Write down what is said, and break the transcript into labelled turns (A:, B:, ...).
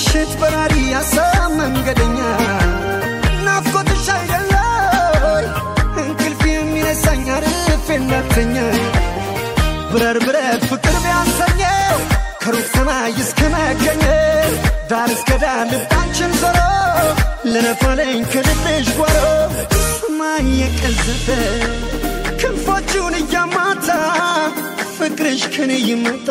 A: ምሽት በራሪ ሀሳብ መንገደኛ ናፍቆትሽ አይደለ እንቅልፍ የሚነሳኝ አርፌ እንዳተኛ ብረር ብረት ፍቅር ቢያንሰኘው ከሩቅ ሰማይ እስከ መገኘት ዳር እስከ ዳር ልባችን ዞሮ ለነፋለኝ ከልብሽ ጓሮ ሰማይ የቀዘፈ ክንፎቹን እያማታ ፍቅርሽ ከኔ ይመጣ